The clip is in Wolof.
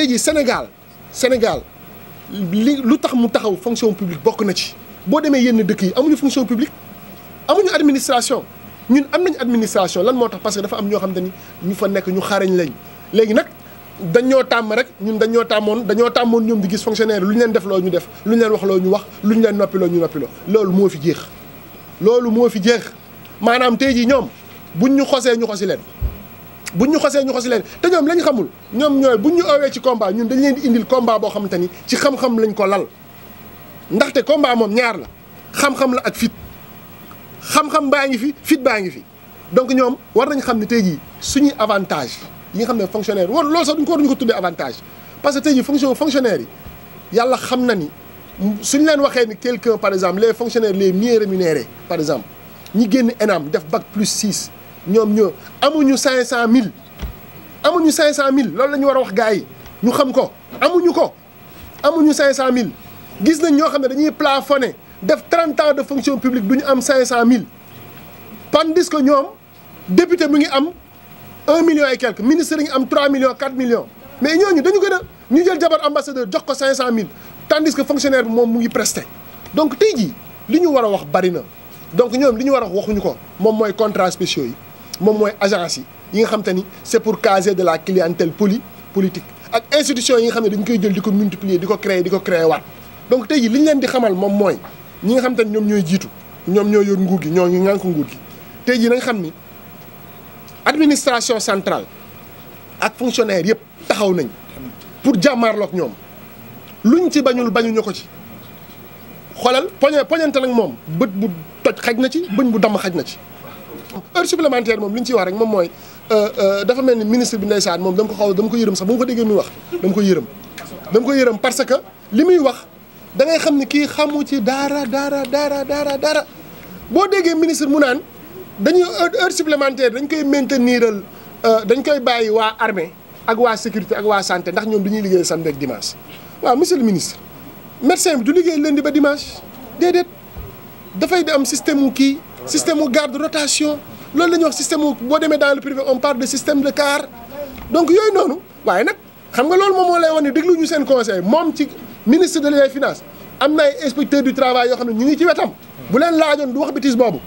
tey jii Sénégal Sénégal li lu tax mu taxaw fonction publique bokk na ci boo demee yenn dëkk yi amuñu fonction publique amuñu administration ñun am nañ administration lan moo tax parce que dafa am ñoo xam te ni ñu fa nekk ñu xarañ lañ léegi nag dañoo tàmm rek ñun dañoo tàmmoon dañoo tàmmoon ñoom di gis fonctionnaire lu ñu leen def loo ñu def lu ñu leen wax loo ñu wax lu ñu leen noppiloo ñu noppiloo loolu moo fi jeex loolu moo fi jeex maanaam tey jii ñoom buñ ñu xosee ñu xosi leen buñ ñu xosee ñu xosi leen te ñoom lañ xamul ñoom ñooy bu ñu oowee ci combat ñun dañ leen di indil combat boo xamante ni ci xam-xam lañ ko lal ndaxte combat moom ñaar la xam-xam la ak fit xam-xam baa ngi fi fit baa ngi fi donc ñoom war nañ xam ne tey jii suñuy avantage yi nga xam ne fonctionnaire war loolu sax duñ ko war ñu ko tuddee avantage parce que tey jii fonction fonctionnaire yi yàlla xam na ni suñ leen waxee ni quelqu'un par exemple les fonctionnaires les mieux rémunérés par exemple ñi génn ENAM def bac plus 6 ñoom ñoo amuñu cinq cent mille amuñu cinq cent mille loolu la ñu war a wax gars yi ñu xam ko amuñu ko amuñu cinq cent mille gis nañ ñoo xam ne dañuy plafonné def trente ans de fonction publique du ñu am cinq cent mille tandis ñoom député mu ngi am un million et quelque ministre ngi am trois millions quatre millions mais ñooñu dañu gën a ñu jël jabar ambassadeur jox ko cinq cent mille tandis que fonctionnaire bi moom mu ngi presté donc tey jii li ñu war a wax bari na donc ñoom li ñu war a wax waxuñu ko moom mooy contrat spéciaux yi moom mooy agence yi yi nga xam te ni c'est pour caser de la clientèle poli politique ak institution yi nga xam ne dañ koy jël di ko multiplier di ko créer di ko créer waat donc tey jii li ñu leen di xamal moom mooy ñi nga xam te ni ñoom ñooy jiitu ñoom ñoo yor nguur gi ñoo ngi ŋànk nguur gi tey jii nañ xam ni administration centrale ak fonctionnaire yëpp taxaw nañ pour jàmmaarloog ñoom lu luñ ci bañul bañuñu ko ci xoolal poñe poñante nag moom bët bu toj xaj na ci bëñ bu damm xaj na ci heure supplémentaire moom li ñu ciy wax rek moom mooy euh, euh, dafa mel ni ministre bi ndeysaan moom dam ko xaw dama ko yërëm sax ba ma ko déggee muy wax dama ko yërëm dama ko yërëm parce que li muy wax dangay xam ni kii xamu ci dara daara daara daara dara boo déggee ministre mu naan dañuy heure supplémentaire dañ koy mainteniral euh, dañ koy bàyyi waa armée ak waa sécurité ak waa santé ndax ñoom dañuy liggéey samedi ak dimanche waaw monsieur le ministre médecin bi du liggéey di ba dimanche déedéet dafay di am système mu kii système mu garde rotation loolu la ñuy wax système mu boo demee dans le privé on parle de système de car donc yooyu noonu waaye nag xam nga loolu moom moo lay wax ne déglu ñu seen conseil moom ci ministre de les finances am na ay inspecteurs du travail yoo xam ne ñu ngi ci wetam bu leen laajoon du wax bêtise boobu.